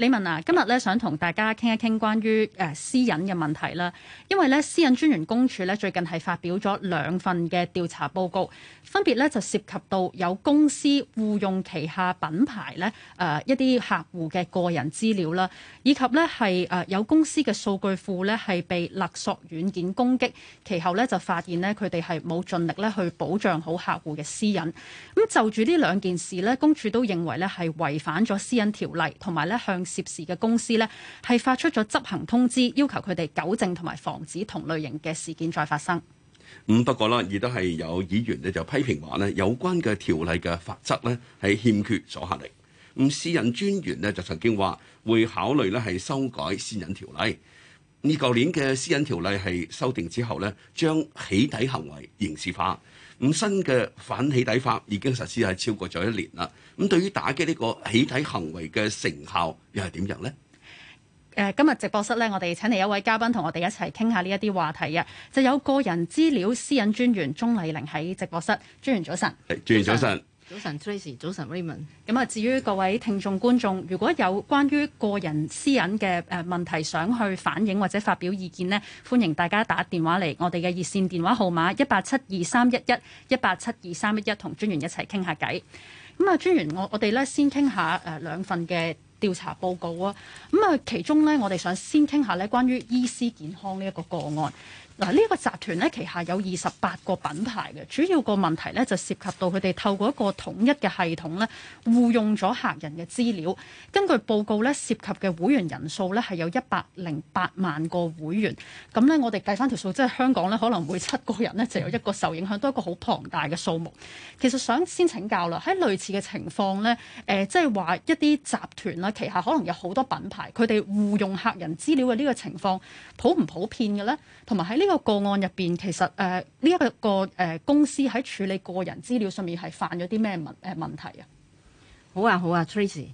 李文啊，今日咧想同大家傾一傾關於誒、呃、私隱嘅問題啦，因為咧私隱專員公署咧最近係發表咗兩份嘅調查報告，分別咧就涉及到有公司互用旗下品牌咧誒、呃、一啲客戶嘅個人資料啦，以及咧係誒有公司嘅數據庫咧係被勒索軟件攻擊，其後咧就發現咧佢哋係冇盡力咧去保障好客戶嘅私隱，咁、嗯、就住呢兩件事咧，公署都認為咧係違反咗私隱條例，同埋咧向涉事嘅公司呢，係發出咗執行通知，要求佢哋糾正同埋防止同類型嘅事件再發生。咁不過啦，亦都係有議員呢就批評話呢有關嘅條例嘅法則呢係欠缺阻嚇力。咁私隱專員呢就曾經話會考慮呢係修改私隱條例。呢舊年嘅私隱條例係修訂之後呢，將起底行為刑事化。咁新嘅反起底法已經實施係超過咗一年啦。咁，對於打擊呢個起底行為嘅成效又係點樣呢？誒，今日直播室呢，我哋請嚟一位嘉賓，同我哋一齊傾下呢一啲話題啊。就有個人資料私隱專員鍾麗玲喺直播室。專員早晨，誒，專員早晨，早晨，Tracey，早晨，Raymond。咁啊，至於各位聽眾觀眾，如果有關於個人私隱嘅誒問題，想去反映或者發表意見咧，歡迎大家打電話嚟我哋嘅熱線電話號碼一八七二三一一一八七二三一一，同專員一齊傾下偈。咁啊，專員，我我哋咧先傾下誒兩份嘅調查報告啊。咁啊，其中咧，我哋想先傾下咧，關於醫師健康呢一個個案。嗱，呢個集團咧，旗下有二十八個品牌嘅，主要個問題咧就涉及到佢哋透過一個統一嘅系統咧，互用咗客人嘅資料。根據報告咧，涉及嘅會員人數咧係有一百零八萬個會員。咁咧，我哋計翻條數即係香港咧，可能每七個人咧就有一個受影響都係一個好龐大嘅數目。其實想先請教啦，喺類似嘅情況咧，誒、呃、即係話一啲集團啦，旗下可能有好多品牌，佢哋互用客人資料嘅呢個情況普唔普遍嘅咧？同埋喺呢？呢個個案入邊，其實誒，呢、呃、一、這個誒、呃、公司喺處理個人資料上面係犯咗啲咩問誒問題啊？好啊，好啊，Tracy。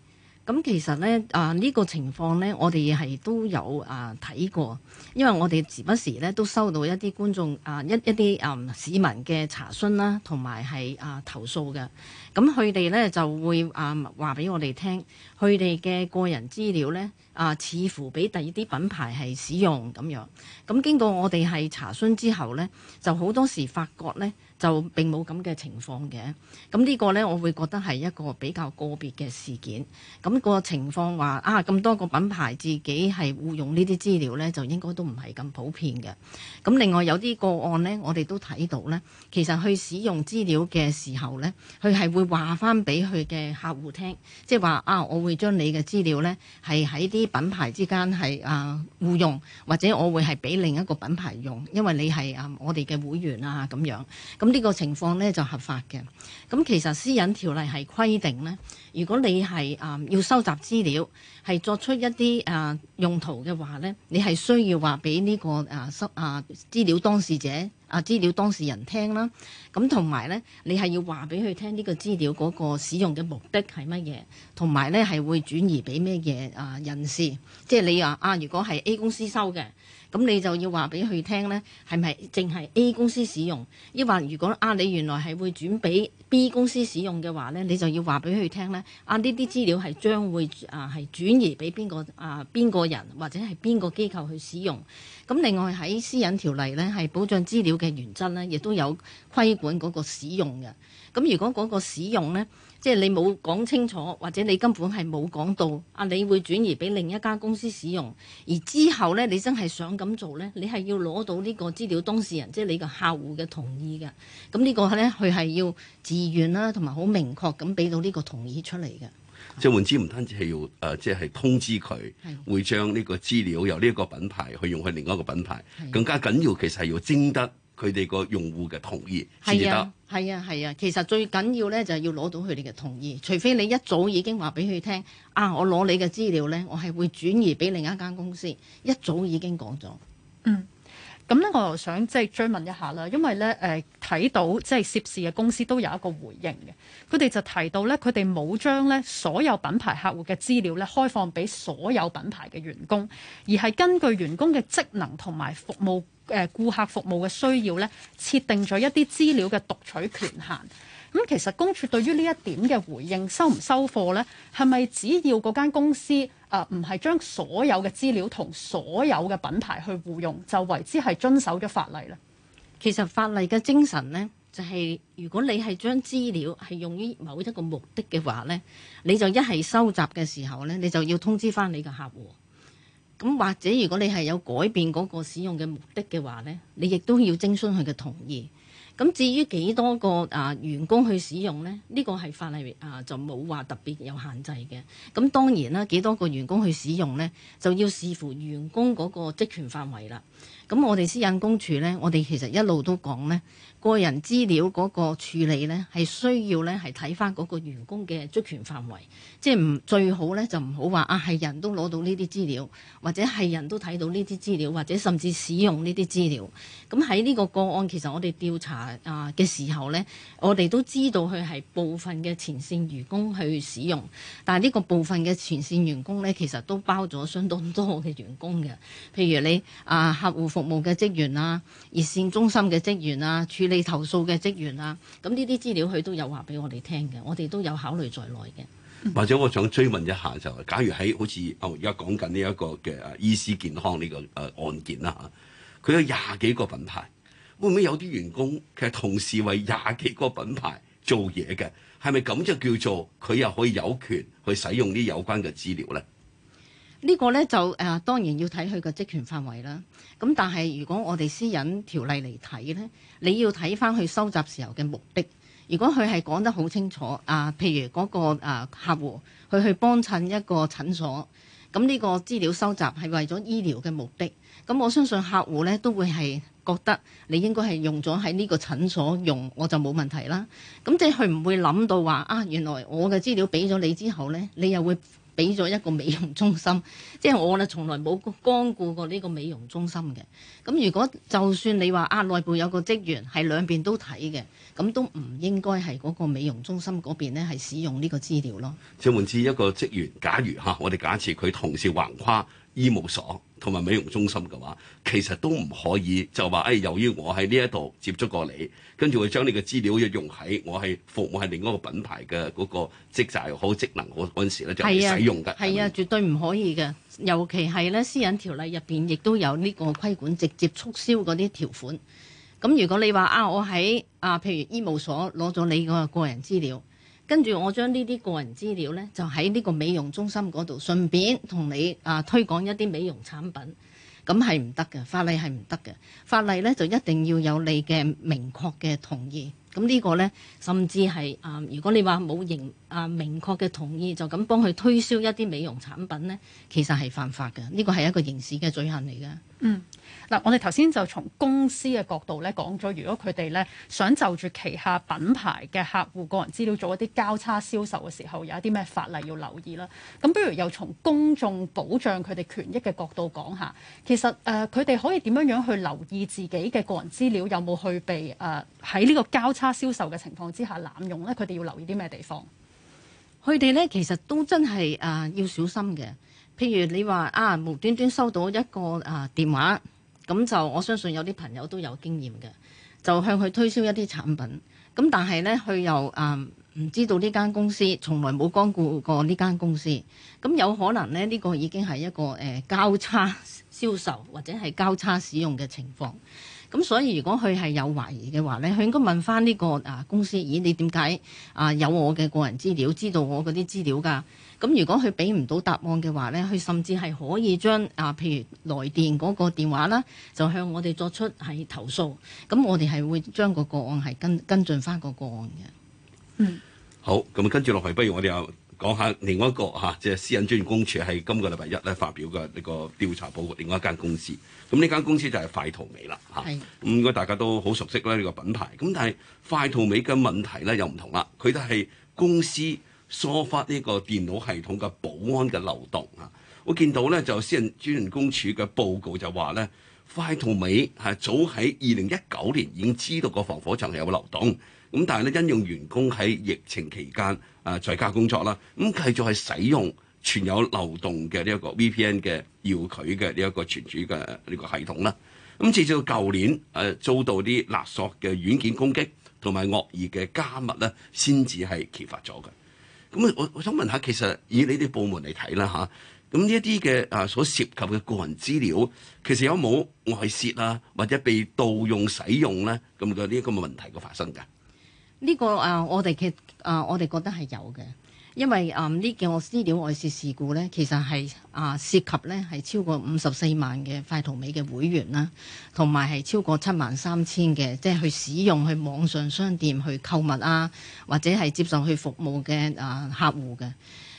咁、嗯、其實咧啊，呢、呃這個情況咧，我哋係都有啊睇、呃、過，因為我哋時不時咧都收到一啲觀眾啊、呃、一一啲啊、呃、市民嘅查詢啦，同埋係啊投訴嘅。咁佢哋咧就會啊話俾我哋聽，佢哋嘅個人資料咧啊，似乎俾第二啲品牌係使用咁樣。咁經過我哋係查詢之後咧，就好多時發覺咧就並冇咁嘅情況嘅。咁呢個咧，我會覺得係一個比較個別嘅事件。咁個情況話啊，咁多個品牌自己係互用呢啲資料咧，就應該都唔係咁普遍嘅。咁另外有啲個案咧，我哋都睇到咧，其實去使用資料嘅時候咧，佢係會。話翻俾佢嘅客戶聽，即係話啊，我會將你嘅資料呢，係喺啲品牌之間係啊互用，或者我會係俾另一個品牌用，因為你係啊我哋嘅會員啊咁樣。咁呢個情況呢就合法嘅。咁其實私隱條例係規定呢，如果你係啊要收集資料，係作出一啲啊用途嘅話呢，你係需要話俾呢個啊啊資料當事者。啊資料當事人聽啦，咁同埋咧，你係要話俾佢聽呢個資料嗰個使用嘅目的係乜嘢，同埋咧係會轉移俾咩嘢啊人士？即係你話啊，如果係 A 公司收嘅，咁你就要話俾佢聽咧，係咪淨係 A 公司使用？抑或如果啊，你原來係會轉俾 B 公司使用嘅話咧，你就要話俾佢聽咧，啊呢啲資料係將會啊係轉移俾邊個啊邊個人或者係邊個機構去使用？咁另外喺私隱條例咧，係保障資料嘅原則咧，亦都有規管嗰個使用嘅。咁如果嗰個使用咧，即係你冇講清楚，或者你根本係冇講到，啊，你會轉移俾另一家公司使用，而之後咧，你真係想咁做咧，你係要攞到呢個資料當事人，即係你個客戶嘅同意嘅。咁呢個咧，佢係要自願啦，同埋好明確咁俾到呢個同意出嚟嘅。即係換之，唔單止係要誒，即係通知佢、啊、會將呢個資料由呢一個品牌去用去另外一個品牌，啊、更加緊要其實係要徵得佢哋個用戶嘅同意先得。係啊，係啊，係啊，啊，其實最緊要咧就係、是、要攞到佢哋嘅同意，除非你一早已經話俾佢聽啊，我攞你嘅資料咧，我係會轉移俾另一間公司，一早已經講咗。嗯。咁咧、嗯，我又想即係追問一下啦，因為咧誒睇到即係涉事嘅公司都有一個回應嘅。佢哋就提到咧，佢哋冇將咧所有品牌客戶嘅資料咧開放俾所有品牌嘅員工，而係根據員工嘅職能同埋服務誒、呃、顧客服務嘅需要咧，設定咗一啲資料嘅讀取權限。咁其實公署對於呢一點嘅回應，收唔收貨呢？係咪只要嗰間公司啊，唔係將所有嘅資料同所有嘅品牌去互用，就為之係遵守咗法例呢？其實法例嘅精神呢，就係、是、如果你係將資料係用於某一個目的嘅話呢，你就一係收集嘅時候呢，你就要通知翻你嘅客戶。咁或者如果你係有改變嗰個使用嘅目的嘅話呢，你亦都要徵詢佢嘅同意。咁至於幾多個啊員工去使用咧？呢個係法例啊就冇話特別有限制嘅。咁當然啦，幾多個員工去使用咧，這個，就要視乎員工嗰個職權範圍啦。咁我哋私隱公署呢，我哋其實一路都講呢個人資料嗰個處理呢，係需要呢係睇返嗰個員工嘅職權範圍，即係唔最好呢，就唔好話啊係人都攞到呢啲資料，或者係人都睇到呢啲資料，或者甚至使用呢啲資料。咁喺呢個個案，其實我哋調查啊嘅時候呢，我哋都知道佢係部分嘅前線員工去使用，但係呢個部分嘅前線員工呢，其實都包咗相當多嘅員工嘅，譬如你啊客戶服務嘅職員啦，熱線中心嘅職員啦，處理投訴嘅職員啦，咁呢啲資料佢都有話俾我哋聽嘅，我哋都有考慮在內嘅。或者我想追問一下，就係假如喺好似哦而家講緊呢一個嘅醫思健康呢個誒案件啦嚇，佢有廿幾個品牌，會唔會有啲員工其實同時為廿幾個品牌做嘢嘅？係咪咁就叫做佢又可以有權去使用啲有關嘅資料咧？呢個呢，就誒、啊、當然要睇佢個職權範圍啦。咁但係如果我哋私隱條例嚟睇呢，你要睇返佢收集時候嘅目的。如果佢係講得好清楚，啊，譬如嗰、嗰個啊客戶，佢去幫襯一個診所，咁呢個資料收集係為咗醫療嘅目的。咁我相信客戶呢，都會係覺得，你應該係用咗喺呢個診所用，我就冇問題啦。咁即係佢唔會諗到話啊，原來我嘅資料俾咗你之後呢，你又會。俾咗一個美容中心，即係我咧從來冇光顧過呢個美容中心嘅。咁如果就算你話啊，內部有個職員係兩邊都睇嘅，咁都唔應該係嗰個美容中心嗰邊呢係使用呢個資料咯。換言之一個職員，假如嚇，我哋假設佢同時橫跨醫務所。同埋美容中心嘅話，其實都唔可以就話，誒、哎。由於我喺呢一度接觸過你，跟住會將你嘅資料要用喺我係服務係另一個品牌嘅嗰個職責好職能嗰陣時咧，就係使用嘅係啊，絕對唔可以嘅。尤其係咧，私隱條例入邊亦都有呢個規管直接促銷嗰啲條款。咁如果你話啊，我喺啊，譬如醫務所攞咗你嘅個人資料。跟住我將呢啲個人資料呢，就喺呢個美容中心嗰度，順便同你啊推廣一啲美容產品，咁係唔得嘅，法例係唔得嘅。法例呢，就一定要有你嘅明確嘅同意。咁呢個呢，甚至係啊，如果你話冇認啊明確嘅同意，就咁幫佢推銷一啲美容產品呢，其實係犯法嘅。呢個係一個刑事嘅罪行嚟嘅。嗯。嗱，我哋頭先就從公司嘅角度咧講咗，如果佢哋咧想就住旗下品牌嘅客戶個人資料做一啲交叉銷售嘅時候，有一啲咩法例要留意啦。咁不如又從公眾保障佢哋權益嘅角度講下。其實誒，佢哋可以點樣樣去留意自己嘅個人資料有冇去被誒喺呢個交叉銷售嘅情況之下濫用咧？佢哋要留意啲咩地方？佢哋咧其實都真係誒要小心嘅。譬如你話啊，無端端收到一個誒電話。咁就我相信有啲朋友都有經驗嘅，就向佢推銷一啲產品。咁但係呢，佢又誒唔知道呢間公司，從來冇光顧過呢間公司。咁有可能呢，呢個已經係一個誒交叉銷售或者係交叉使用嘅情況。咁所以如果佢係有懷疑嘅話咧，佢應該問翻呢個啊公司，咦，你點解啊有我嘅個人資料，知道我嗰啲資料㗎？咁如果佢俾唔到答案嘅話呢，佢甚至係可以將啊，譬如來電嗰個電話啦，就向我哋作出係投訴。咁我哋係會將個個案係跟跟進翻個個案嘅。嗯，好，咁跟住落去，不如我哋又講下另外一個嚇，即、啊、係、就是、私隱專員公署喺今個禮拜一咧發表嘅呢個調查報告，另外一間公司。咁呢間公司就係快圖美啦嚇，咁是、啊、應該大家都好熟悉咧呢個品牌。咁但係快圖美嘅問題呢，又唔同啦，佢都係公司。疏忽呢個電腦系統嘅保安嘅漏洞啊！我見到咧就私隱專員公署嘅報告就話咧，快同美係早喺二零一九年已經知道個防火牆係有漏洞，咁但係咧因用員工喺疫情期間啊在家工作啦，咁、啊、繼續係使用存有漏洞嘅呢一個 VPN 嘅遙距嘅呢一個存主嘅呢個系統啦。咁、啊、直至到舊年誒、啊、遭到啲勒索嘅軟件攻擊同埋惡意嘅加密咧，先至係揭發咗嘅。咁啊，我我想問下，其實以你哋部門嚟睇啦嚇，咁呢一啲嘅啊，啊所涉及嘅個人資料，其實有冇外泄啊，或者被盜用使用咧？咁嘅呢個問題嘅發生㗎？呢、呢個啊，呃，我哋嘅啊，我哋覺得係有嘅。因為誒呢件我資料外泄事、事故咧，其實係啊涉及咧係超過五十四萬嘅快圖美嘅會員啦，同埋係超過七萬三千嘅即係去使用去網上商店去購物啊，或者係接受去服務嘅啊客戶嘅，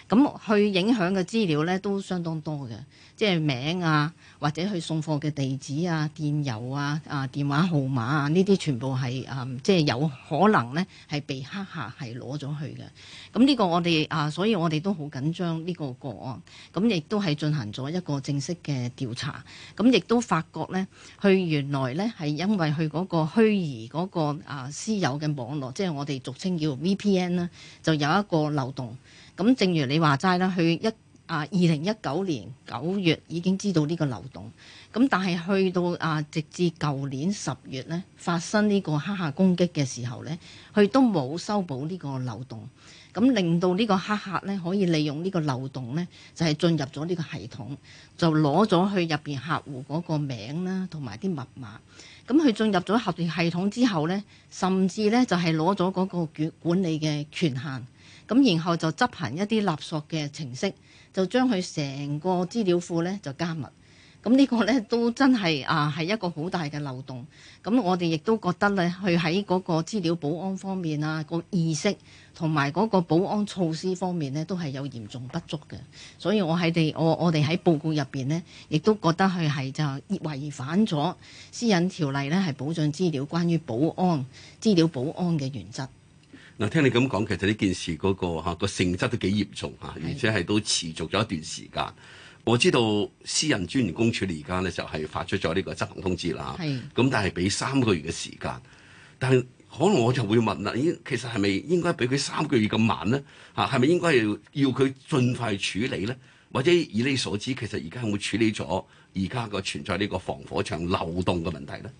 咁、嗯、去影響嘅資料咧都相當多嘅，即係名啊。或者去送貨嘅地址啊、電郵啊、啊電話號碼啊，呢啲全部係誒，即、嗯、係、就是、有可能呢，係被黑客係攞咗去嘅。咁、嗯、呢、這個我哋啊，所以我哋都好緊張呢個個案。咁、嗯、亦都係進行咗一個正式嘅調查。咁、嗯、亦都發覺呢，佢原來呢，係因為佢嗰個虛擬嗰個啊私有嘅網絡，即係我哋俗稱叫 VPN 啦，就有一個漏洞。咁、嗯、正如你話齋啦，佢一。啊！二零一九年九月已經知道呢個漏洞，咁但係去到啊，直至舊年十月咧發生呢個黑客攻擊嘅時候咧，佢都冇修補呢個漏洞，咁令到呢個黑客咧可以利用呢個漏洞咧，就係進入咗呢個系統，就攞咗去入邊客戶嗰個名啦，同埋啲密碼。咁佢進入咗核心系統之後咧，甚至咧就係攞咗嗰個管管理嘅權限。咁然後就執行一啲勒索嘅程式，就將佢成個資料庫咧就加密。咁、這個、呢個咧都真係啊，係一個好大嘅漏洞。咁、嗯、我哋亦都覺得咧，佢喺嗰個資料保安方面啊，個意識同埋嗰個保安措施方面咧，都係有嚴重不足嘅。所以我喺地我我哋喺報告入邊咧，亦都覺得佢係就違反咗私隱條例咧，係保障資料關於保安資料保安嘅原則。嗱，聽你咁講，其實呢件事嗰、那個嚇、啊、性質都幾嚴重嚇、啊，而且係都持續咗一段時間。是的 我知道私隱專員公署咧，而家咧就係、是、發出咗呢個執行通知啦。係，咁但係俾三個月嘅時間，但係可能我就會問啦，咦，其實係咪應該俾佢三個月咁慢咧？嚇，係咪應該係要佢盡快處理咧？或者以你所知，其實而家有冇處理咗而家個存在呢個防火牆漏洞嘅問題咧？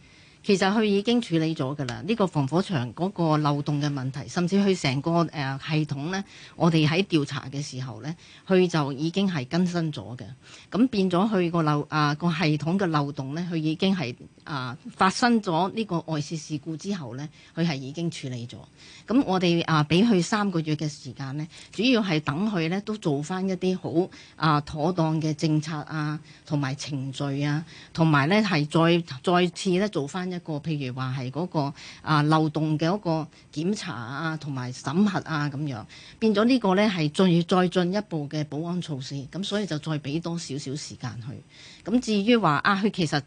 其實佢已經處理咗㗎啦，呢、這個防火牆嗰個漏洞嘅問題，甚至佢成個誒、呃、系統呢，我哋喺調查嘅時候呢，佢就已經係更新咗嘅。咁變咗佢個漏啊個、呃、系統嘅漏洞呢，佢已經係啊、呃、發生咗呢個外事事故之後呢，佢係已經處理咗。咁我哋啊俾佢三個月嘅時間呢，主要係等佢呢都做翻一啲好啊妥當嘅政策啊，同埋程序啊，同埋呢係再再次呢做翻一。一個譬如話係嗰個啊漏洞嘅一個檢查啊，同埋審核啊咁樣，變咗呢個呢係仲要再進一步嘅保安措施，咁所以就再俾多少少時間佢。咁至於話啊，佢其實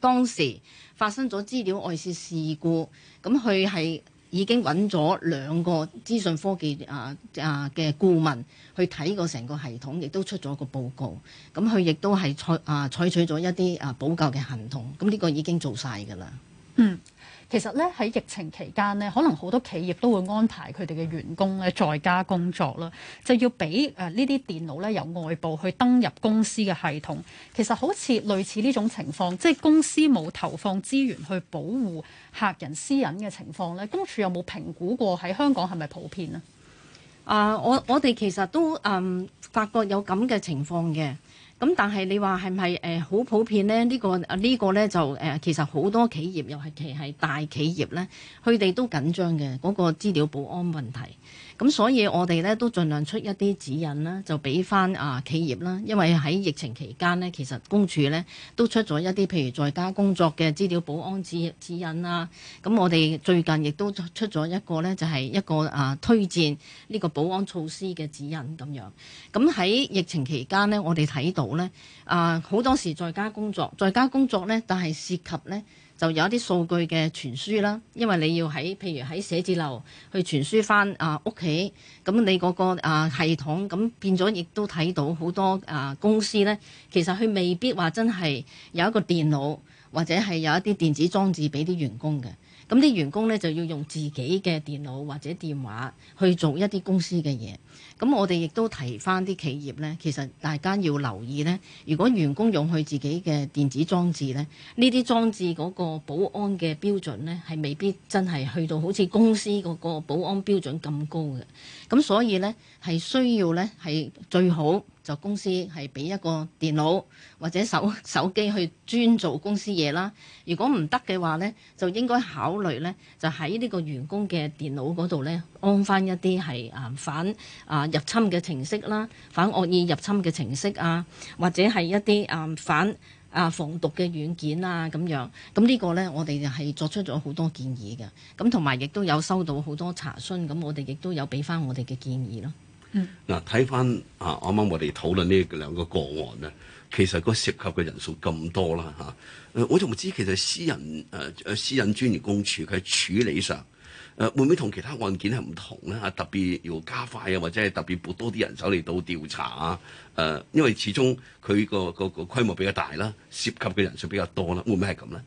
當時發生咗資料外泄事故，咁佢係，已經揾咗兩個資訊科技啊啊嘅顧問去睇過成個系統，亦都出咗個報告。咁佢亦都係採啊採取咗一啲啊補救嘅行動。咁呢個已經做晒㗎啦。嗯。其實咧喺疫情期間咧，可能好多企業都會安排佢哋嘅員工咧在家工作啦，就要俾誒呢啲電腦咧由外部去登入公司嘅系統。其實好似類似呢種情況，即係公司冇投放資源去保護客人私隱嘅情況咧，公署有冇評估過喺香港係咪普遍咧？啊、uh，我我哋其實都嗯發覺有咁嘅情況嘅。咁但係你話係咪誒好普遍咧？呢個呢個咧就誒其實好多企業又係，其係大企業咧，佢哋都緊張嘅嗰個資料保安問題。咁所以我哋呢都盡量出一啲指引啦，就俾翻啊企業啦，因為喺疫情期間呢，其實公署呢都出咗一啲譬如在家工作嘅資料保安指指引啊。咁我哋最近亦都出咗一個呢，就係一個啊推薦呢個保安措施嘅指引咁樣。咁喺疫情期間呢，我哋睇到呢，啊好多時在家工作，在家工作呢，但係涉及呢。就有一啲數據嘅傳輸啦，因為你要喺譬如喺寫字樓去傳輸返啊屋企，咁你嗰個啊系統咁變咗，亦都睇到好多啊公司咧，其實佢未必話真係有一個電腦或者係有一啲電子裝置俾啲員工嘅。咁啲員工咧就要用自己嘅電腦或者電話去做一啲公司嘅嘢。咁我哋亦都提返啲企業咧，其實大家要留意咧，如果員工用佢自己嘅電子裝置咧，呢啲裝置嗰個保安嘅標準咧，係未必真係去到好似公司嗰個保安標準咁高嘅。咁所以咧，係需要咧，係最好。就公司係俾一個電腦或者手手機去專做公司嘢啦。如果唔得嘅話呢，就應該考慮呢，就喺呢個員工嘅電腦嗰度呢，安翻一啲係啊反啊入侵嘅程式啦，反惡意入侵嘅程式啊，或者係一啲啊反啊防毒嘅軟件啊咁樣。咁呢個呢，我哋就係作出咗好多建議嘅。咁同埋亦都有收到好多查詢，咁我哋亦都有俾翻我哋嘅建議咯。嗱，睇翻啊，啱啱我哋討論呢兩個個案咧，其實涉及嘅人數咁多啦嚇，我仲唔知其實私人誒誒私隱專員公署佢處理上誒會唔會同其他案件係唔同咧？特別要加快啊，或者係特別撥多啲人手嚟到調查啊？誒，因為始終佢個個個規模比較大啦，涉及嘅人數比較多啦，會唔會係咁咧？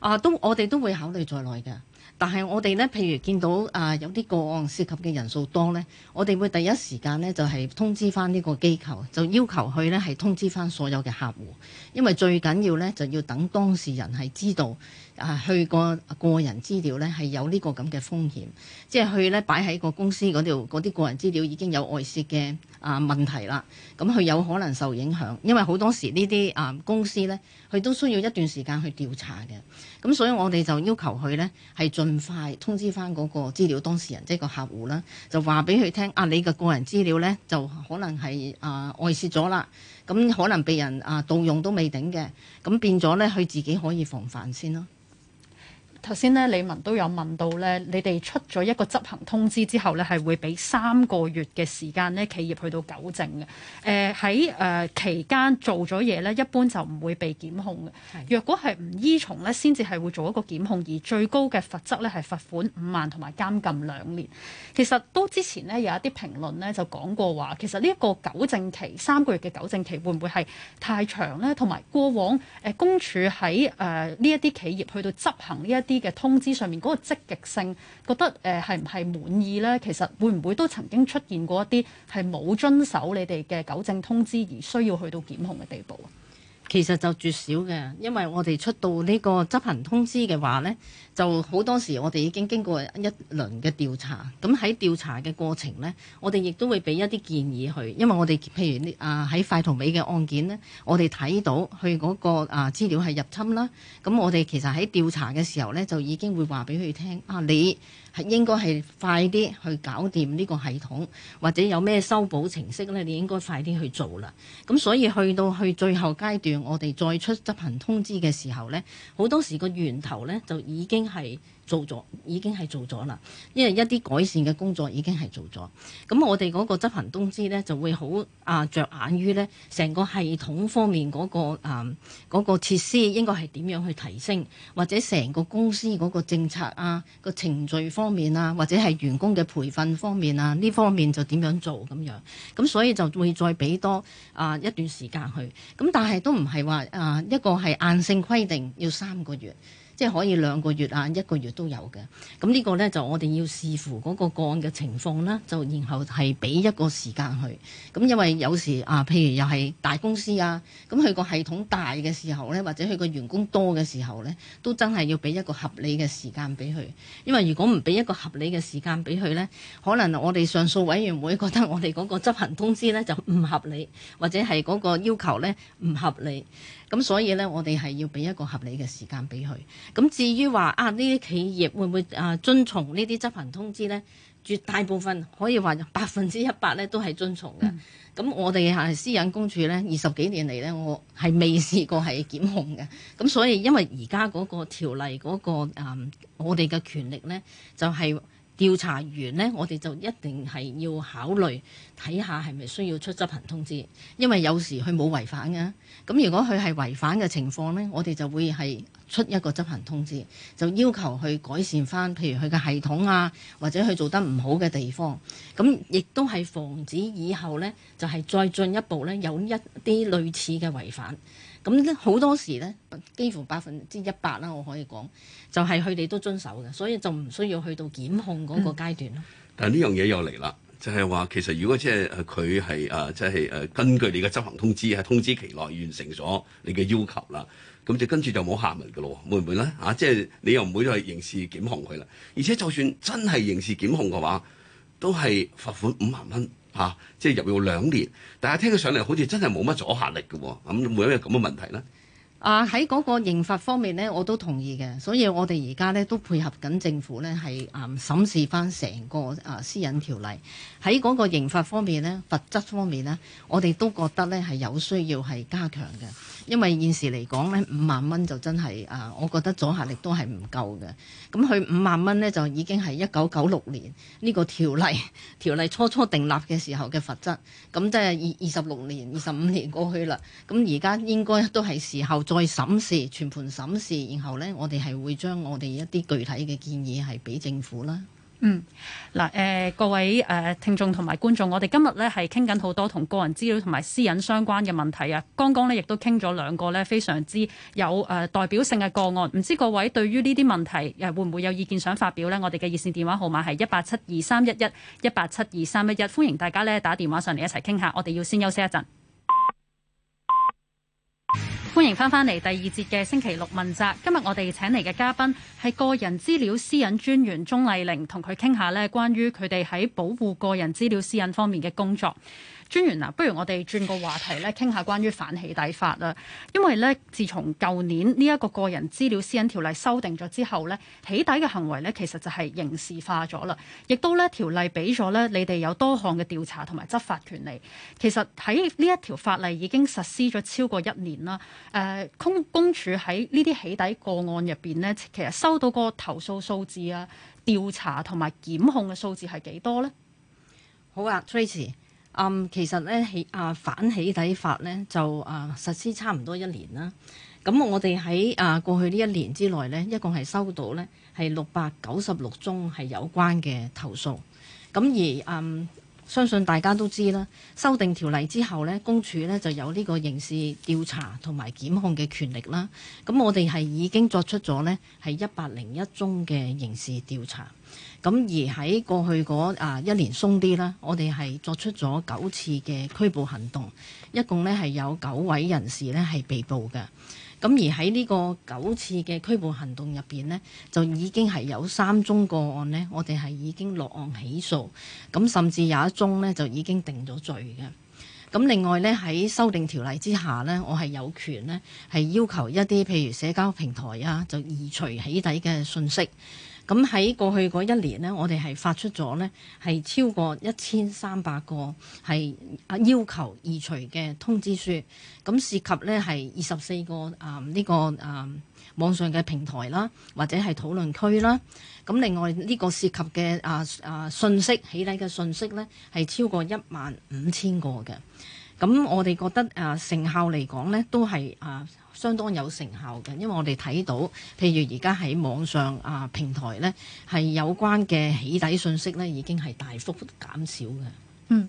啊，都我哋都會考慮在內嘅。但係我哋咧，譬如見到啊、呃、有啲個案涉及嘅人數多呢，我哋會第一時間呢就係、是、通知翻呢個機構，就要求佢呢係通知翻所有嘅客戶，因為最緊要呢，就要等當事人係知道啊、呃，去個個人資料呢係有呢個咁嘅風險，即係佢呢擺喺個公司嗰度嗰啲個人資料已經有外泄嘅啊問題啦，咁佢有可能受影響，因為好多時呢啲啊公司呢，佢都需要一段時間去調查嘅。咁所以我哋就要求佢咧，係盡快通知翻嗰個資料當事人，即係個客戶啦，就話俾佢聽，啊你嘅個人資料咧就可能係啊、呃、外泄咗啦，咁可能被人啊、呃、盜用都未定嘅，咁變咗咧，佢自己可以防範先咯。頭先咧，李文都有問到咧，你哋出咗一個執行通知之後咧，係會俾三個月嘅時間咧，企業去到糾正嘅。誒喺誒期間做咗嘢咧，一般就唔會被檢控嘅。若果係唔依從咧，先至係會做一個檢控，而最高嘅罰則咧係罰款五萬同埋監禁兩年。其實都之前咧有一啲評論咧就講過話，其實呢一個糾正期三個月嘅糾正期會唔會係太長咧？同埋過往誒、呃、公署喺誒呢一啲企業去到執行呢一啲啲嘅通知上面嗰個積極性，覺得誒係唔係滿意咧？其實會唔會都曾經出現過一啲係冇遵守你哋嘅糾正通知而需要去到檢控嘅地步啊？其實就絕少嘅，因為我哋出到呢個執行通知嘅話呢，就好多時我哋已經經過一輪嘅調查。咁喺調查嘅過程呢，我哋亦都會俾一啲建議佢，因為我哋譬如啊喺快圖美嘅案件呢，我哋睇到佢嗰個啊資料係入侵啦。咁我哋其實喺調查嘅時候呢，就已經會話俾佢聽啊你。係應該係快啲去搞掂呢個系統，或者有咩修補程式咧，你應該快啲去做啦。咁所以去到去最後階段，我哋再出執行通知嘅時候咧，好多時個源頭咧就已經係。做咗已經係做咗啦，因為一啲改善嘅工作已經係做咗。咁我哋嗰個執行通知呢，就會好啊著眼於呢成個系統方面嗰、嗰個啊、嗰、呃嗰個設施應該係點樣去提升，或者成個公司嗰個政策啊、個程序方面啊，或者係員工嘅培訓方面啊呢方面就點樣做咁樣。咁所以就會再俾多啊、呃、一段時間去。咁但係都唔係話啊一個係硬性規定要三個月。即係可以兩個月啊，一個月都有嘅。咁呢個呢，就我哋要視乎嗰個個案嘅情況啦，就然後係俾一個時間去。咁因為有時啊，譬如又係大公司啊，咁佢個系統大嘅時候呢，或者佢個員工多嘅時候呢，都真係要俾一個合理嘅時間俾佢。因為如果唔俾一個合理嘅時間俾佢呢，可能我哋上訴委員會覺得我哋嗰個執行通知呢就唔合理，或者係嗰個要求呢唔合理。咁所以咧，我哋係要俾一個合理嘅時間俾佢。咁至於話啊，呢啲企業會唔會啊、呃、遵從呢啲執行通知咧？絕大部分可以話百分之一百咧都係遵從嘅。咁、嗯、我哋係私隱公署咧，二十幾年嚟咧，我係未試過係檢控嘅。咁所以因為而家嗰個條例嗰、嗰個啊、呃，我哋嘅權力咧就係、係。調查完呢，我哋就一定係要考慮睇下係咪需要出執行通知，因為有時佢冇違反嘅，咁如果佢係違反嘅情況呢，我哋就會係出一個執行通知，就要求佢改善返，譬如佢嘅系統啊，或者佢做得唔好嘅地方，咁亦都係防止以後呢，就係再進一步呢，有一啲類似嘅違反。咁好多時咧，幾乎百分之一百啦，我可以講，就係佢哋都遵守嘅，所以就唔需要去到檢控嗰個階段咯，嗯。但係呢樣嘢又嚟啦，就係話其實如果即係佢係啊，即係誒根據你嘅執行通知喺通知期內完成咗你嘅要求啦，咁就跟住就冇下文嘅咯，會唔會咧？啊，即係你又唔會再刑事檢控佢啦。而且就算真係刑事檢控嘅話，都係罰款五萬蚊。吓、啊！即係入要兩年，但係聽佢上嚟好似真係冇乜阻嚇力嘅喎，咁會唔會有咁嘅問題咧？啊喺嗰個刑法方面呢，我都同意嘅，所以我哋而家呢，都配合緊政府呢，係啊、嗯、審視翻成個啊私隱條例喺嗰個刑法方面呢，罰則方面呢，我哋都覺得呢係有需要係加強嘅，因為現時嚟講呢，五萬蚊就真係啊，我覺得阻嚇力都係唔夠嘅。咁佢五萬蚊呢，就已經係一九九六年呢、呢個條例條例初初訂立嘅時候嘅罰則，咁即係二二十六年、二十五年過去啦，咁而家應該都係時候。再審視，全盤審視，然後呢，我哋係會將我哋一啲具體嘅建議係俾政府啦。嗯，嗱、呃，誒各位誒、呃、聽眾同埋觀眾，我哋今日呢係傾緊好多同個人資料同埋私隱相關嘅問題啊。剛剛呢亦都傾咗兩個呢非常之有誒、呃、代表性嘅個案，唔知各位對於呢啲問題誒、呃、會唔會有意見想發表呢？我哋嘅熱線電話號碼係一八七二三一一一八七二三一一，歡迎大家呢打電話上嚟一齊傾下。我哋要先休息一陣。歡迎返返嚟第二節嘅星期六問責。今日我哋請嚟嘅嘉賓係個人資料私隱專員鍾麗玲，同佢傾下呢關於佢哋喺保護個人資料私隱方面嘅工作。專員、啊、不如我哋轉個話題咧，傾下關於反起底法啦。因為咧，自從舊年呢一個個人資料私隱條例修訂咗之後咧，起底嘅行為咧，其實就係刑事化咗啦。亦都咧，條例俾咗咧，你哋有多項嘅調查同埋執法權力。其實喺呢一條法例已經實施咗超過一年啦。誒、呃，公公署喺呢啲起底個案入邊咧，其實收到個投訴數字啊、調查同埋檢控嘅數字係幾多呢？好啊，Tracey。嗯，um, 其實咧，起啊反起底法咧，就啊實施差唔多一年啦。咁我哋喺啊過去呢一年之內咧，一共係收到咧係六百九十六宗係有關嘅投訴。咁而嗯。相信大家都知啦，修訂條例之後咧，公署咧就有呢個刑事調查同埋檢控嘅權力啦。咁我哋係已經作出咗呢係一百零一宗嘅刑事調查。咁而喺過去嗰啊一年鬆啲啦，我哋係作出咗九次嘅拘捕行動，一共呢係有九位人士呢係被捕嘅。咁而喺呢個九次嘅拘捕行動入邊呢，就已經係有三宗個案呢。我哋係已經落案起訴，咁甚至有一宗呢，就已經定咗罪嘅。咁另外呢，喺修訂條例之下呢，我係有權呢，係要求一啲譬如社交平台啊，就移除起底嘅信息。咁喺過去嗰一年呢，我哋係發出咗呢係超過一千三百個係啊要求移除嘅通知書，咁涉及呢係二十四個啊呢個啊網上嘅平台啦，或者係討論區啦，咁另外呢個涉及嘅啊啊信息起底嘅信息呢，係超過一萬五千個嘅，咁我哋覺得啊成效嚟講呢，都係啊。相當有成效嘅，因為我哋睇到，譬如而家喺網上啊平台呢，係有關嘅起底信息呢已經係大幅減少嘅。嗯，誒、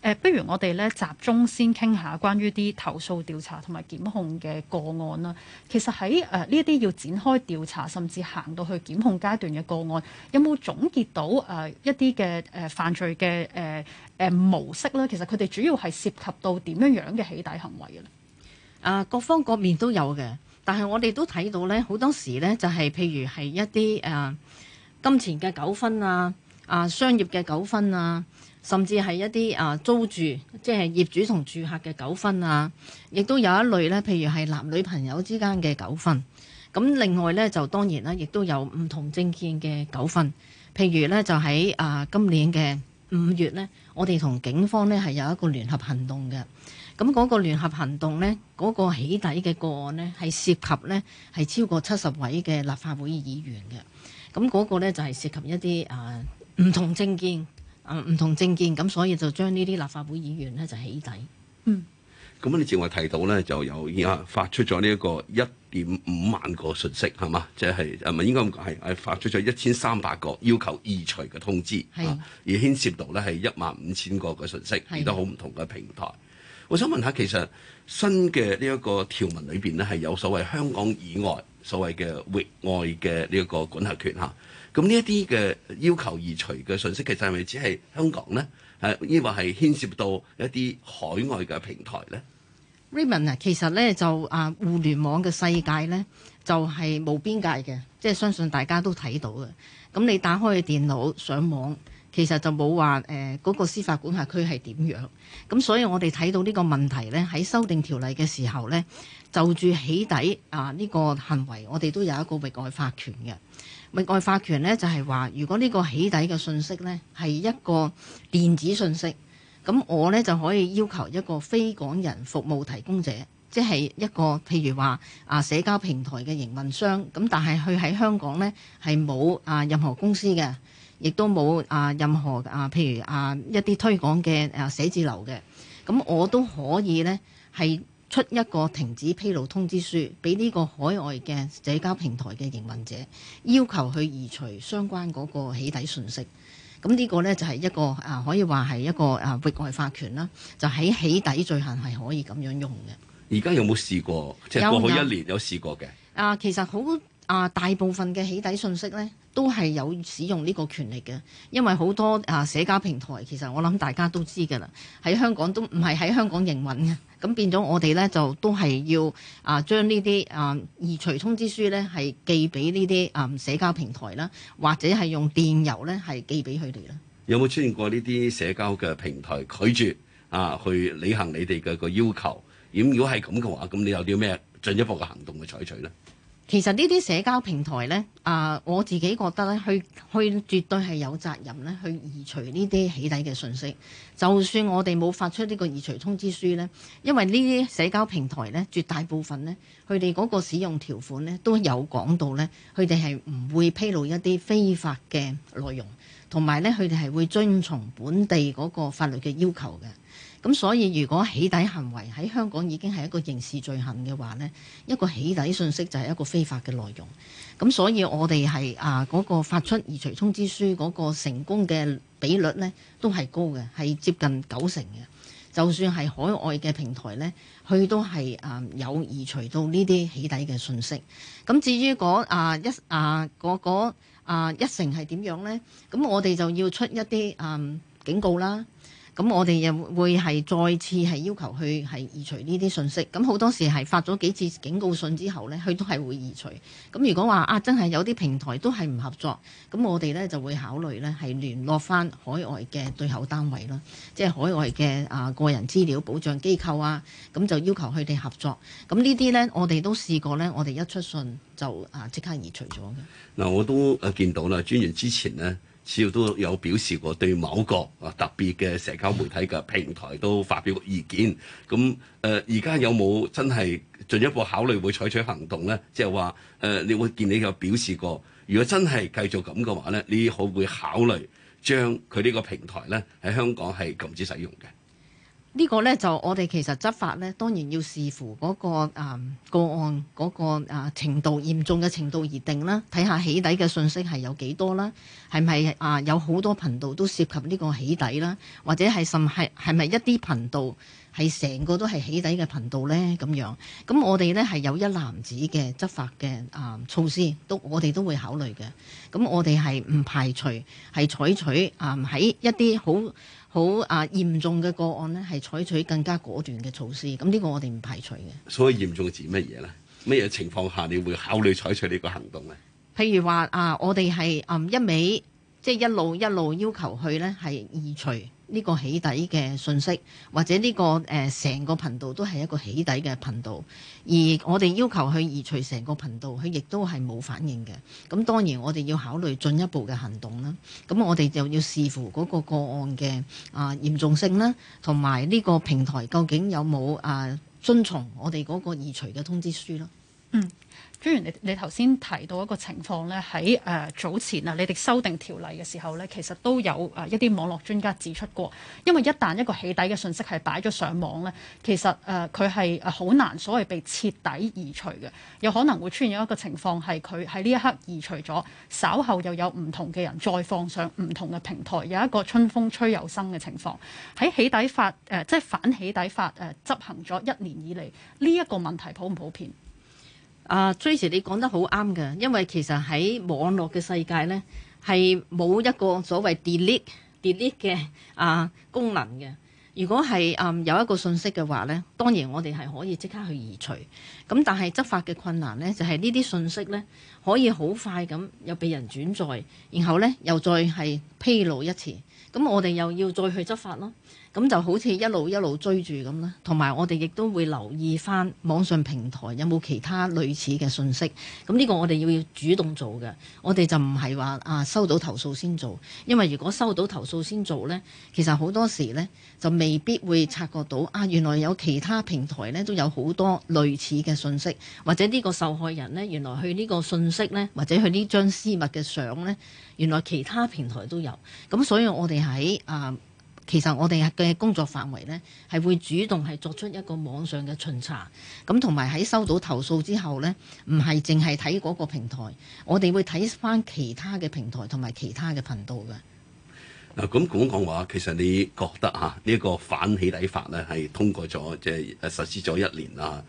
呃，不如我哋呢，集中先傾下關於啲投訴調查同埋檢控嘅個案啦。其實喺誒呢一啲要展開調查，甚至行到去檢控階段嘅個案，有冇總結到誒、呃、一啲嘅誒犯罪嘅誒誒模式呢？其實佢哋主要係涉及到點樣樣嘅起底行為嘅。啊，各方各面都有嘅，但係我哋都睇到呢。好多時呢，就係譬如係一啲啊金錢嘅糾紛啊，啊商業嘅糾紛啊，甚至係一啲啊租住，即係業主同住客嘅糾紛啊，亦都有一類呢。譬如係男女朋友之間嘅糾紛。咁另外呢，就當然啦，亦都有唔同證件嘅糾紛，譬如呢，就喺啊今年嘅五月呢，我哋同警方呢係有一個聯合行動嘅。咁嗰個聯合行動呢，嗰、那個起底嘅個案呢，係涉及呢，係超過七十位嘅立法會議員嘅。咁、那、嗰個咧就係、是、涉及一啲誒唔同政見，誒、呃、唔同政見，咁所以就將呢啲立法會議員呢，就起底。嗯，咁、嗯、你正話提到呢，就有而家發出咗呢一個一點五萬個信息，係嘛？即係誒，唔應該咁講，係誒發出咗一千三百個要求移除嘅通知的、啊，而牽涉到呢，係一萬五千個嘅信息，亦都好唔同嘅平台。我想問下，其實新嘅呢一個條文裏邊呢，係有所謂香港以外、所謂嘅域外嘅呢一個管轄權嚇。咁呢一啲嘅要求移除嘅信息，其實係咪只係香港呢，亦或係牽涉到一啲海外嘅平台呢？Raymond 啊，其實呢，就啊互聯網嘅世界呢。就係冇邊界嘅，即係相信大家都睇到嘅。咁你打開電腦上網，其實就冇話誒嗰個司法管轄區係點樣。咁所以我哋睇到呢個問題呢，喺修訂條例嘅時候呢，就住起底啊呢個行為，我哋都有一個域外法權嘅，域外法權呢，就係話如果呢個起底嘅訊息呢係一個電子訊息，咁我呢就可以要求一個非港人服務提供者。即係一個譬如話啊社交平台嘅營運商，咁但係佢喺香港呢，係冇啊任何公司嘅，亦都冇啊任何啊譬如啊一啲推廣嘅誒、啊、寫字樓嘅，咁我都可以呢，係出一個停止披露通知書俾呢個海外嘅社交平台嘅營運者，要求佢移除相關嗰個起底信息。咁呢個呢，就係、是、一個啊可以話係一個啊域外法權啦，就喺起底罪行係可以咁樣用嘅。而家有冇試過？即係過去一年有試過嘅。啊、呃，其實好啊、呃，大部分嘅起底信息呢，都係有使用呢個權力嘅，因為好多啊、呃、社交平台其實我諗大家都知㗎啦，喺香港都唔係喺香港營運嘅，咁變咗我哋呢，就都係要啊、呃、將呢啲啊移除通知書呢，係寄俾呢啲啊社交平台啦，或者係用電郵呢，係寄俾佢哋啦。有冇出現過呢啲社交嘅平台拒絕啊去履行你哋嘅個要求？如果係咁嘅話，咁你有啲咩進一步嘅行動去採取呢？其實呢啲社交平台呢，啊、呃，我自己覺得咧，佢佢絕對係有責任咧，去移除呢啲起底嘅信息。就算我哋冇發出呢個移除通知書呢，因為呢啲社交平台呢，絕大部分呢，佢哋嗰個使用條款呢，都有講到呢，佢哋係唔會披露一啲非法嘅內容，同埋呢，佢哋係會遵從本地嗰個法律嘅要求嘅。咁、嗯、所以如果起底行為喺香港已經係一個刑事罪行嘅話呢，一個起底信息就係一個非法嘅內容。咁、嗯、所以我哋係啊嗰、嗰個發出移除通知書嗰個成功嘅比率呢，都係高嘅，係接近九成嘅。就算係海外嘅平台呢，佢都係啊、嗯、有移除到呢啲起底嘅信息。咁、嗯、至於嗰、嗰個、啊一啊、嗰個、啊一成係點樣呢？咁我哋就要出一啲啊、嗯、警告啦。咁我哋又會係再次係要求佢係移除呢啲信息，咁好多時係發咗幾次警告信之後呢，佢都係會移除。咁如果話啊，真係有啲平台都係唔合作，咁我哋呢就會考慮呢係聯絡返海外嘅對口單位啦，即係海外嘅啊個人資料保障機構啊，咁就要求佢哋合作。咁呢啲呢，我哋都試過呢，我哋一出信就啊即刻移除咗嘅。嗱，我都見到啦，專員之前呢，似乎都有表示過對某個啊特別嘅社交媒體嘅平台都發表過意見，咁誒而家有冇真係進一步考慮會採取行動咧？即係話，誒、呃，你會見你有表示過，如果真係繼續咁嘅話咧，你可唔會考慮將佢呢個平台咧喺香港係禁止使用嘅。呢個呢，就我哋其實執法呢，當然要視乎嗰、那個啊、呃、個案嗰、嗰個啊、呃、程度嚴重嘅程度而定啦，睇下起底嘅信息係有幾多啦，係咪啊有好多頻道都涉及呢個起底啦，或者係甚係係咪一啲頻道係成個都係起底嘅頻道呢？咁樣？咁我哋呢，係有一籃子嘅執法嘅啊、呃、措施，都我哋都會考慮嘅。咁我哋係唔排除係採取啊喺、呃、一啲好。好啊！嚴重嘅個案呢，係採取更加果斷嘅措施。咁呢個我哋唔排除嘅。所以嚴重指乜嘢呢？乜嘢情況下你會考慮採取呢個行動呢？譬如話啊，我哋係嗯一味，即係一路一路要求去呢，係移除。呢個起底嘅信息，或者呢個誒成個頻道都係一個起底嘅頻道，而我哋要求佢移除成個頻道，佢亦都係冇反應嘅。咁當然我哋要考慮進一步嘅行動啦。咁我哋就要視乎嗰個個案嘅啊嚴重性啦，同埋呢個平台究竟有冇啊遵從我哋嗰個移除嘅通知書啦。嗯，專員，你你頭先提到一個情況咧，喺誒、呃、早前啊，你哋修訂條例嘅時候咧，其實都有誒一啲網絡專家指出過，因為一旦一個起底嘅信息係擺咗上網咧，其實誒佢係誒好難所謂被徹底移除嘅，有可能會出現一個情況係佢喺呢一刻移除咗，稍後又有唔同嘅人再放上唔同嘅平台，有一個春風吹又生嘅情況。喺起底法誒、呃，即係反起底法誒、呃、執行咗一年以嚟，呢、這、一個問題普唔普遍？啊，Tracy，你講得好啱㗎，因為其實喺網絡嘅世界呢，係冇一個所謂 delete delete 嘅啊功能嘅。如果係、嗯、有一個信息嘅話呢，當然我哋係可以即刻去移除咁，但係執法嘅困難呢，就係呢啲信息呢，可以好快咁又被人轉載，然後呢又再係披露一次，咁我哋又要再去執法咯。咁就好似一路一路追住咁啦，同埋我哋亦都會留意返網上平台有冇其他類似嘅信息。咁呢個我哋要主動做嘅，我哋就唔係話啊收到投訴先做，因為如果收到投訴先做呢，其實好多時呢就未必會察覺到啊原來有其他平台呢都有好多類似嘅信息，或者呢個受害人呢原來佢呢個信息呢，或者佢呢張私密嘅相呢，原來其他平台都有。咁所以我哋喺啊。其實我哋嘅工作範圍呢，係會主動係作出一個網上嘅巡查，咁同埋喺收到投訴之後呢，唔係淨係睇嗰個平台，我哋會睇返其他嘅平台同埋其他嘅頻道嘅。嗱，咁講講話，其實你覺得嚇呢個反起底法呢，係通過咗，即係實施咗一年啦。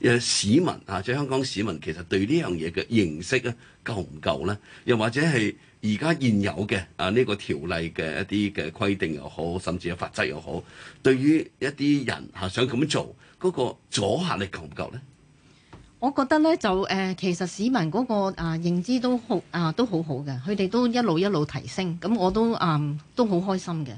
誒市民啊，即係香港市民，其實對呢樣嘢嘅認識咧，夠唔夠呢？又或者係而家現有嘅啊呢、這個條例嘅一啲嘅規定又好，甚至係法則又好，對於一啲人嚇、啊、想咁做，嗰、那個阻嚇力夠唔夠呢？我覺得呢，就誒、呃，其實市民嗰、那個啊、呃、認知都、呃、都好啊都好好嘅，佢哋都一路一路提升，咁我都啊、呃、都好開心嘅。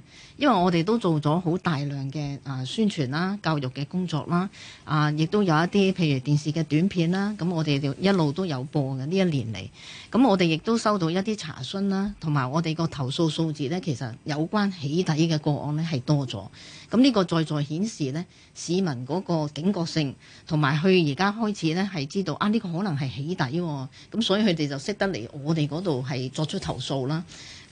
因為我哋都做咗好大量嘅誒宣傳啦、教育嘅工作啦，啊，亦都有一啲譬如電視嘅短片啦，咁我哋就一路都有播嘅呢一年嚟。咁我哋亦都收到一啲查詢啦，同埋我哋個投訴數字呢，其實有關起底嘅個案呢係多咗。咁呢個再再顯示呢，市民嗰個警覺性同埋佢而家開始呢係知道啊，呢、這個可能係起底喎、哦。咁所以佢哋就識得嚟我哋嗰度係作出投訴啦，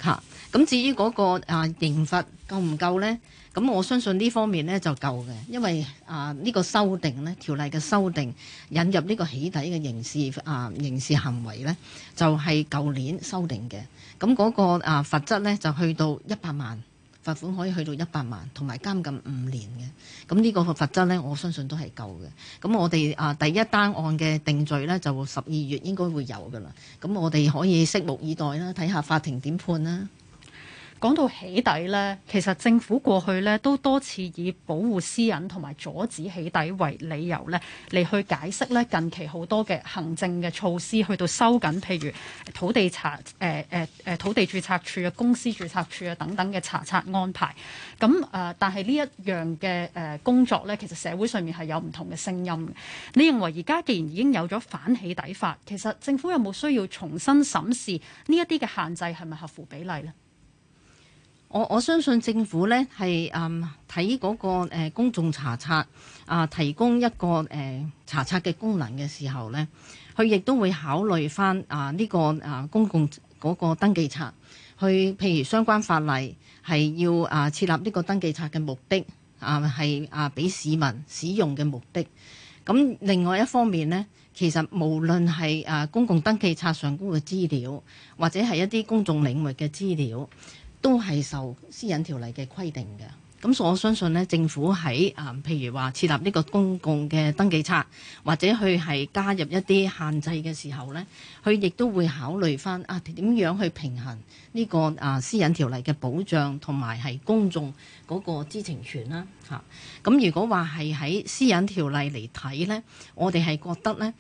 嚇。咁至於嗰個啊刑罰夠唔夠呢？咁我相信呢方面呢就夠嘅，因為啊呢個修訂呢條例嘅修訂引入呢個起底嘅刑事啊刑事行為呢，就係舊年修訂嘅。咁嗰個啊罰則呢，就去到一百萬，罰款可以去到一百萬，同埋監禁五年嘅。咁呢個罰罰則呢，我相信都係夠嘅。咁我哋啊第一單案嘅定罪呢，就十二月應該會有㗎喇。咁我哋可以拭目以待啦，睇下法庭點判啦。講到起底呢，其實政府過去呢都多次以保護私隱同埋阻止起底為理由呢嚟去解釋呢近期好多嘅行政嘅措施去到收緊，譬如土地查誒誒誒土地註冊處啊、公司註冊處啊等等嘅查冊安排。咁、嗯、誒、呃，但係呢一樣嘅誒、呃、工作呢，其實社會上面係有唔同嘅聲音嘅。你認為而家既然已經有咗反起底法，其實政府有冇需要重新審視呢一啲嘅限制係咪合乎比例呢？我我相信政府咧係誒睇嗰個公眾查冊啊，提供一個誒、啊、查冊嘅功能嘅時候咧，佢亦都會考慮翻啊呢個啊公共嗰個登記冊，去譬如相關法例係要啊設立呢個登記冊嘅目的啊係啊俾市民使用嘅目的。咁另外一方面咧，其實無論係啊公共登記冊上高嘅資料，或者係一啲公眾領域嘅資料，都係受私隱條例嘅規定嘅，咁所以我相信咧，政府喺啊，譬如話設立呢個公共嘅登記冊，或者佢係加入一啲限制嘅時候呢，佢亦都會考慮翻啊點樣去平衡呢個啊私隱條例嘅保障同埋係公眾嗰個知情權啦嚇。咁、啊、如果話係喺私隱條例嚟睇呢，我哋係覺得呢，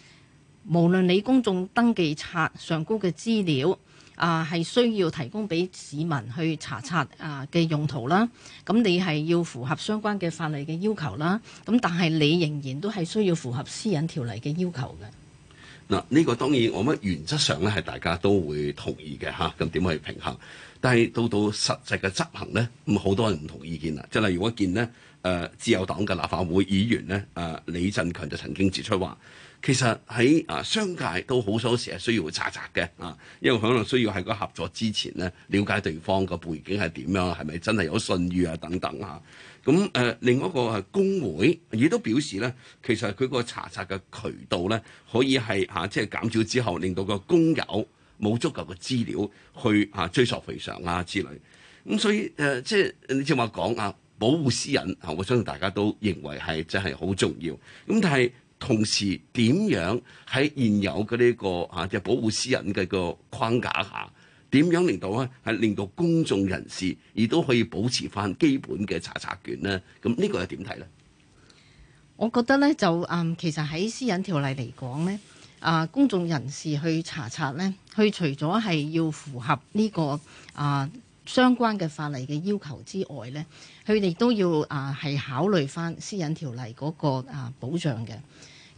無論你公眾登記冊上高嘅資料。啊，係需要提供俾市民去查冊啊嘅用途啦。咁你係要符合相關嘅法例嘅要求啦。咁但係你仍然都係需要符合私隱條例嘅要求嘅。嗱，呢個當然我覺得原則上咧係大家都會同意嘅吓，咁點去平衡？但係到到實際嘅執行呢，咁好多人唔同意見啦。即係例如我見呢，誒、呃、自由黨嘅立法會議員呢，誒、呃、李振強就曾經指出話。其實喺啊商界都好多時係需要查冊嘅啊，因為可能需要喺個合作之前呢，了解對方個背景係點樣，係咪真係有信譽啊等等嚇。咁誒、呃，另外一個係工會，亦都表示呢，其實佢個查冊嘅渠道呢，可以係嚇，即、啊、係、就是、減少之後，令到個工友冇足夠嘅資料去嚇追索賠償啊之類。咁所以誒、呃，即係你正話講啊，保護私隱啊，我相信大家都認為係真係好重要。咁但係，同時點樣喺現有嘅呢個啊，即係保護私隱嘅個框架下，點樣令到咧係令到公眾人士亦都可以保持翻基本嘅查冊權呢？咁呢個又點睇呢？我覺得咧就誒，其實喺私隱條例嚟講咧，啊公眾人士去查冊咧，佢除咗係要符合呢個啊相關嘅法例嘅要求之外咧，佢哋都要啊係考慮翻私隱條例嗰個啊保障嘅。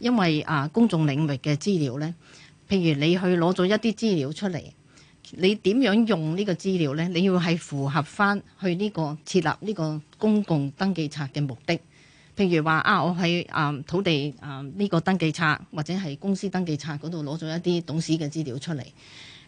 因為啊，公眾領域嘅資料咧，譬如你去攞咗一啲資料出嚟，你點樣用呢個資料咧？你要係符合翻去呢個設立呢個公共登記冊嘅目的。譬如話啊，我喺啊土地啊呢個登記冊或者係公司登記冊嗰度攞咗一啲董事嘅資料出嚟，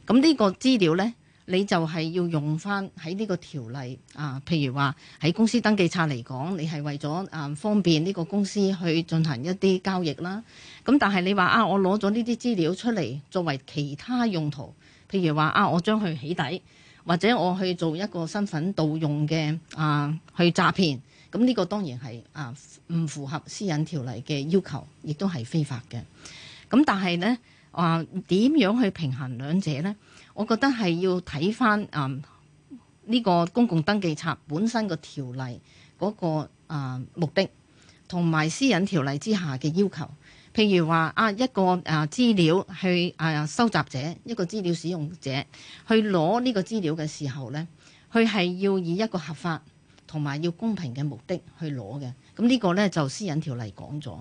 咁呢個資料咧。你就係要用翻喺呢個條例啊、呃，譬如話喺公司登記冊嚟講，你係為咗啊、呃、方便呢個公司去進行一啲交易啦。咁、嗯、但係你話啊，我攞咗呢啲資料出嚟作為其他用途，譬如話啊，我將佢起底，或者我去做一個身份盜用嘅啊去詐騙，咁、嗯、呢、呢個當然係啊唔符合私隱條例嘅要求，亦都係非法嘅。咁、嗯、但係呢，啊、呃，點樣去平衡兩者呢？我覺得係要睇翻啊呢個公共登記冊本身個條例嗰、嗰個啊、呃、目的，同埋私隱條例之下嘅要求。譬如話啊，一個啊資料去啊收集者，一個資料使用者去攞呢個資料嘅時候呢，佢係要以一個合法同埋要公平嘅目的去攞嘅。咁、嗯、呢、呢個呢，就私隱條例講咗。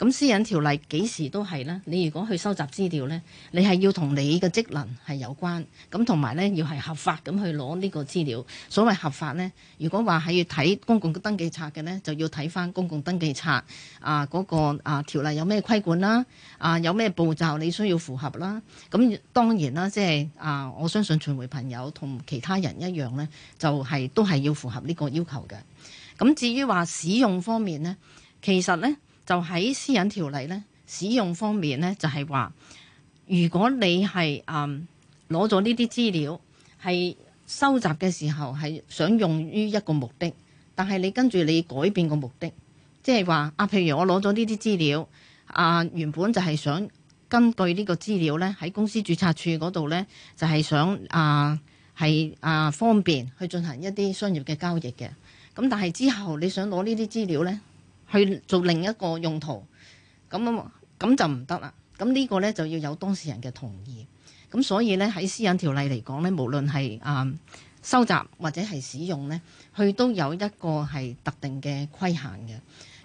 咁私隱條例幾時都係啦，你如果去收集資料咧，你係要同你嘅職能係有關，咁同埋咧要係合法咁去攞呢個資料。所謂合法咧，如果話係要睇公共登記冊嘅咧，就要睇返公共登記冊啊嗰個啊條例有咩規管啦，啊有咩步驟你需要符合啦。咁當然啦，即係啊，我相信傳媒朋友同其他人一樣咧，就係都係要符合呢個要求嘅。咁至於話使用方面咧，其實咧。就喺私隱條例咧，使用方面咧，就係、是、話，如果你係嗯攞咗呢啲資料，係收集嘅時候，係想用於一個目的，但係你跟住你改變個目的，即係話啊，譬如我攞咗呢啲資料，啊原本就係想根據個資呢個資料咧，喺公司註冊處嗰度咧，就係、是、想啊，係啊方便去進行一啲商業嘅交易嘅，咁但係之後你想攞呢啲資料咧，去做另一個用途，咁咁咁就唔得啦。咁呢個呢，就要有當事人嘅同意。咁所以呢，喺私隱條例嚟講呢，無論係啊收集或者係使用呢，佢都有一個係特定嘅規限嘅。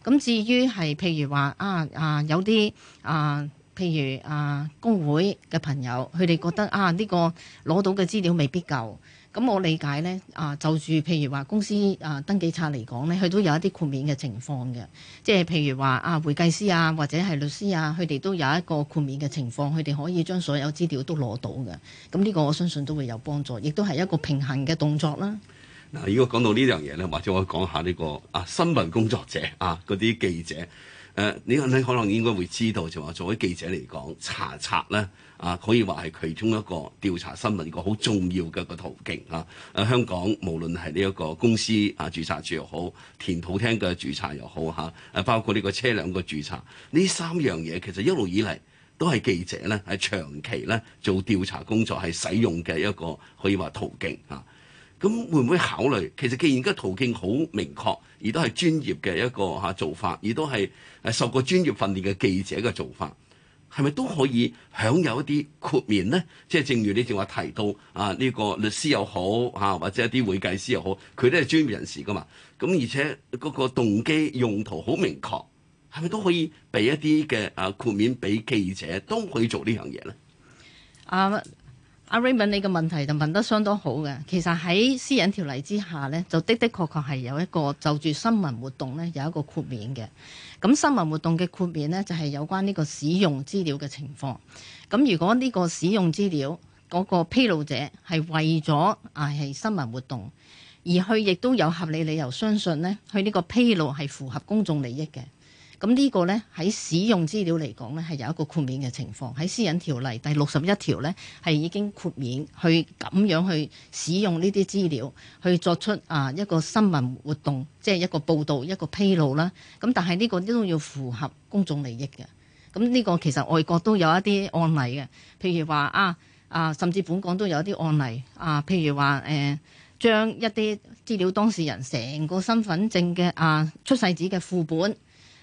咁至於係譬如話啊啊有啲啊。啊譬如啊，工會嘅朋友，佢哋覺得啊，呢個攞到嘅資料未必夠。咁我理解呢，啊就住譬如話公司啊登記冊嚟講呢，佢都有一啲豁免嘅情況嘅。即係譬如話啊，會計師啊，或者係律師啊，佢哋都有一個豁免嘅情況，佢哋可以將所有資料都攞到嘅。咁呢個我相信都會有幫助，亦都係一個平衡嘅動作啦。嗱，如果講到呢樣嘢呢，或者我講下呢個啊新聞工作者啊嗰啲記者。誒，你你可能應該會知道，就話作為記者嚟講，查冊咧，啊，可以話係其中一個調查新聞一個好重要嘅個途徑啊。誒，香港無論係呢一個公司啊註冊處又好，田土廳嘅註冊又好嚇，誒、啊，包括呢個車輛嘅註冊，呢三樣嘢其實一路以嚟都係記者咧係長期咧做調查工作係使用嘅一個可以話途徑啊。咁會唔會考慮？其實既然而家途徑好明確。亦都係專業嘅一個嚇做法，亦都係誒受過專業訓練嘅記者嘅做法，係咪都可以享有一啲豁免呢？即係正如你正話提到啊，呢、這個律師又好嚇、啊，或者一啲會計師又好，佢都係專業人士㗎嘛。咁、啊、而且嗰個動機用途好明確，係咪都可以俾一啲嘅啊豁免俾記者都可以做呢樣嘢呢？啊、um！阿 Raymond 你嘅問題就問得相當好嘅，其實喺私隱條例之下呢，就的的確確係有一個就住新聞活動呢，有一個豁免嘅。咁新聞活動嘅豁免呢，就係有關呢個使用資料嘅情況。咁如果呢個使用資料嗰個披露者係為咗係新聞活動，而佢亦都有合理理由相信呢，佢呢個披露係符合公眾利益嘅。咁呢個呢，喺使用資料嚟講呢係有一個豁免嘅情況，喺私隱條例第六十一條呢，係已經豁免去咁樣去使用呢啲資料去作出啊一個新聞活動，即係一個報導、一個披露啦。咁但係呢個都要符合公眾利益嘅。咁、這、呢個其實外國都有一啲案例嘅，譬如話啊啊，甚至本港都有一啲案例啊，譬如話誒，將、啊、一啲資料當事人成個身份證嘅啊出世紙嘅副本。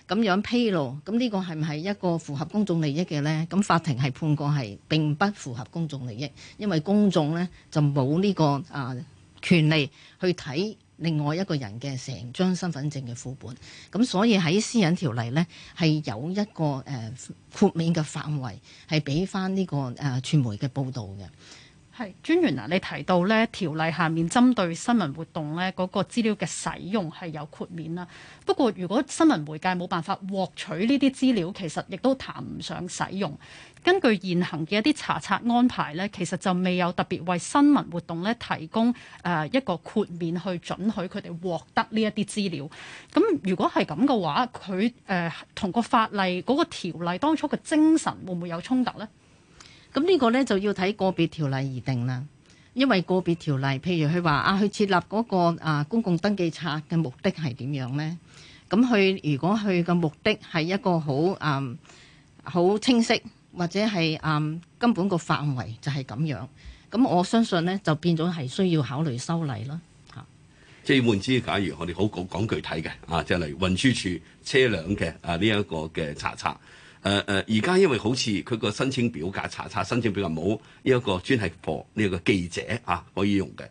咁樣披露，咁呢個係唔係一個符合公眾利益嘅呢？咁法庭係判過係並不符合公眾利益，因為公眾呢就冇呢個啊權利去睇另外一個人嘅成張身份證嘅副本。咁所以喺私隱條例呢，係有一個誒、啊、豁免嘅範圍，係俾翻呢個誒、啊、傳媒嘅報導嘅。係是專員啊！你提到咧，條例下面針對新聞活動咧，嗰個資料嘅使用係有豁免啦。不過如果新聞媒介冇辦法獲取呢啲資料，其實亦都談唔上使用。根據現行嘅一啲查冊安排咧，其實就未有特別為新聞活動咧，提供誒一個豁免去准許佢哋獲得呢一啲資料。咁如果係咁嘅話，佢誒同個法例嗰個條例當初嘅精神會唔會有衝突咧？咁呢個呢就要睇個別條例而定啦，因為個別條例，譬如佢話啊，佢設立嗰個啊公共登記冊嘅目的係點樣呢？咁佢如果佢嘅目的係一個好啊好清晰，或者係啊根本個範圍就係咁樣，咁我相信呢就變咗係需要考慮修例啦。嚇，即係換之，假如我哋好講講具體嘅啊，即係例如運輸處車輛嘅啊呢一個嘅查冊。誒誒，而家、呃、因為好似佢個申請表格，查查申請表格冇呢一個專係播，呢個記者啊可以用嘅，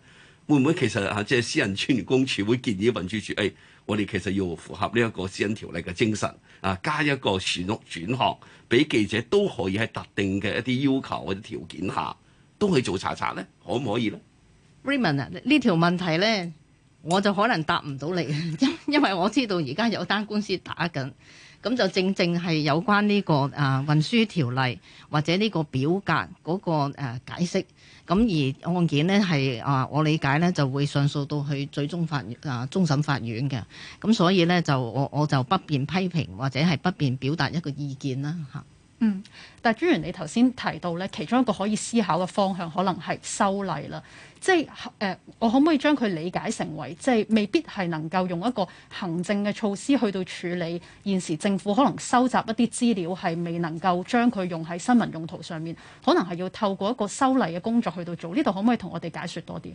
會唔會其實嚇，即係私隱專員公署會建議運輸署誒、哎，我哋其實要符合呢一個私隱條例嘅精神啊，加一個選屋轉學，俾記者都可以喺特定嘅一啲要求或者條件下，都可以做查冊咧，可唔可以咧？Raymond 啊，呢條問題咧，我就可能答唔到你，因因為我知道而家有單官司打緊。咁就正正係有關呢、這個啊運輸條例或者呢個表格嗰、那個、啊、解釋，咁而案件呢，係啊我理解呢，就會上訴到去最終法，、啊、法院啊終審法院嘅，咁所以呢，就我我就不便批評或者係不便表達一個意見啦嚇。啊、嗯，但係專員你頭先提到呢，其中一個可以思考嘅方向可能係修例啦。即係誒、呃，我可唔可以將佢理解成為即係未必係能夠用一個行政嘅措施去到處理現時政府可能收集一啲資料係未能夠將佢用喺新聞用途上面，可能係要透過一個修例嘅工作去到做。呢度可唔可以同我哋解説多啲？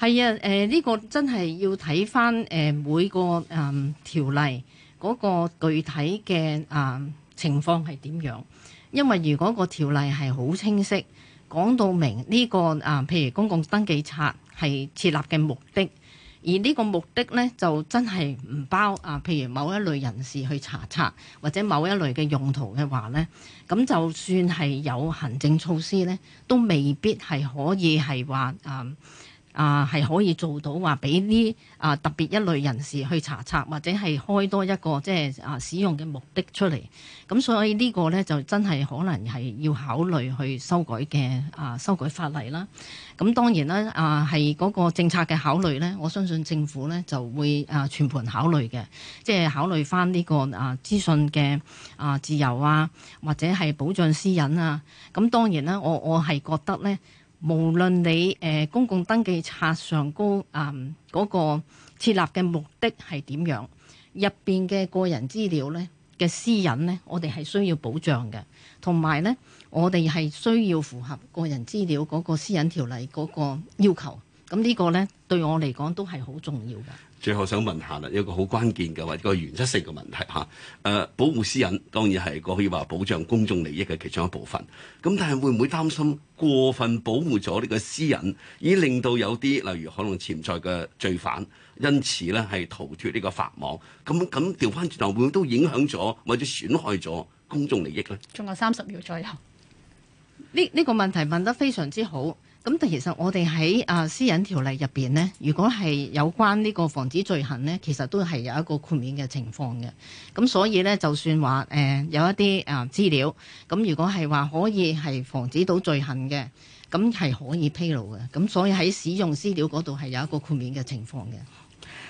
係啊，誒、呃、呢、呢個真係要睇返誒每個誒、呃、條例嗰個具體嘅啊、呃、情況係點樣，因為如果個條例係好清晰。講到明呢個啊，譬如公共登記冊係設立嘅目的，而呢個目的呢，就真係唔包啊，譬如某一類人士去查冊，或者某一類嘅用途嘅話呢，咁就算係有行政措施呢，都未必係可以係話啊。啊，係可以做到話俾啲啊特別一類人士去查冊，或者係開多一個即係、就是、啊使用嘅目的出嚟。咁所以呢個呢，就真係可能係要考慮去修改嘅啊修改法例啦。咁當然啦，啊係嗰個政策嘅考慮呢，我相信政府呢就會啊全盤考慮嘅，即係考慮翻、這、呢個啊資訊嘅啊自由啊，或者係保障私隱啊。咁當然啦，我我係覺得呢。無論你誒、呃、公共登記冊上高啊嗰個設立嘅目的係點樣，入邊嘅個人資料咧嘅私隱咧，我哋係需要保障嘅，同埋咧我哋係需要符合個人資料嗰個私隱條例嗰個要求。咁呢個咧對我嚟講都係好重要嘅。最後想問下啦，一個好關鍵嘅或一個原則性嘅問題嚇。誒、啊，保護私隱當然係可以話保障公眾利益嘅其中一部分。咁但係會唔會擔心過分保護咗呢個私隱，以令到有啲例如可能潛在嘅罪犯，因此呢係逃脫呢個法網。咁咁調翻轉頭，會唔會都影響咗或者損害咗公眾利益呢？仲有三十秒左右，呢呢、呢個問題問得非常之好。咁但其實我哋喺啊私隱條例入邊呢，如果係有關呢個防止罪行呢，其實都係有一個豁免嘅情況嘅。咁所以呢，就算話誒、呃、有一啲啊資料，咁如果係話可以係防止到罪行嘅，咁係可以披露嘅。咁所以喺使用資料嗰度係有一個豁免嘅情況嘅。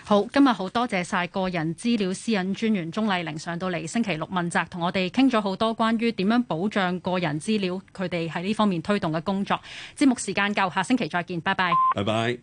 好，今日好多謝晒個人資料私隱專員鍾麗玲上到嚟星期六問責，同我哋傾咗好多關於點樣保障個人資料，佢哋喺呢方面推動嘅工作。節目時間夠，下星期再見，拜拜。拜拜。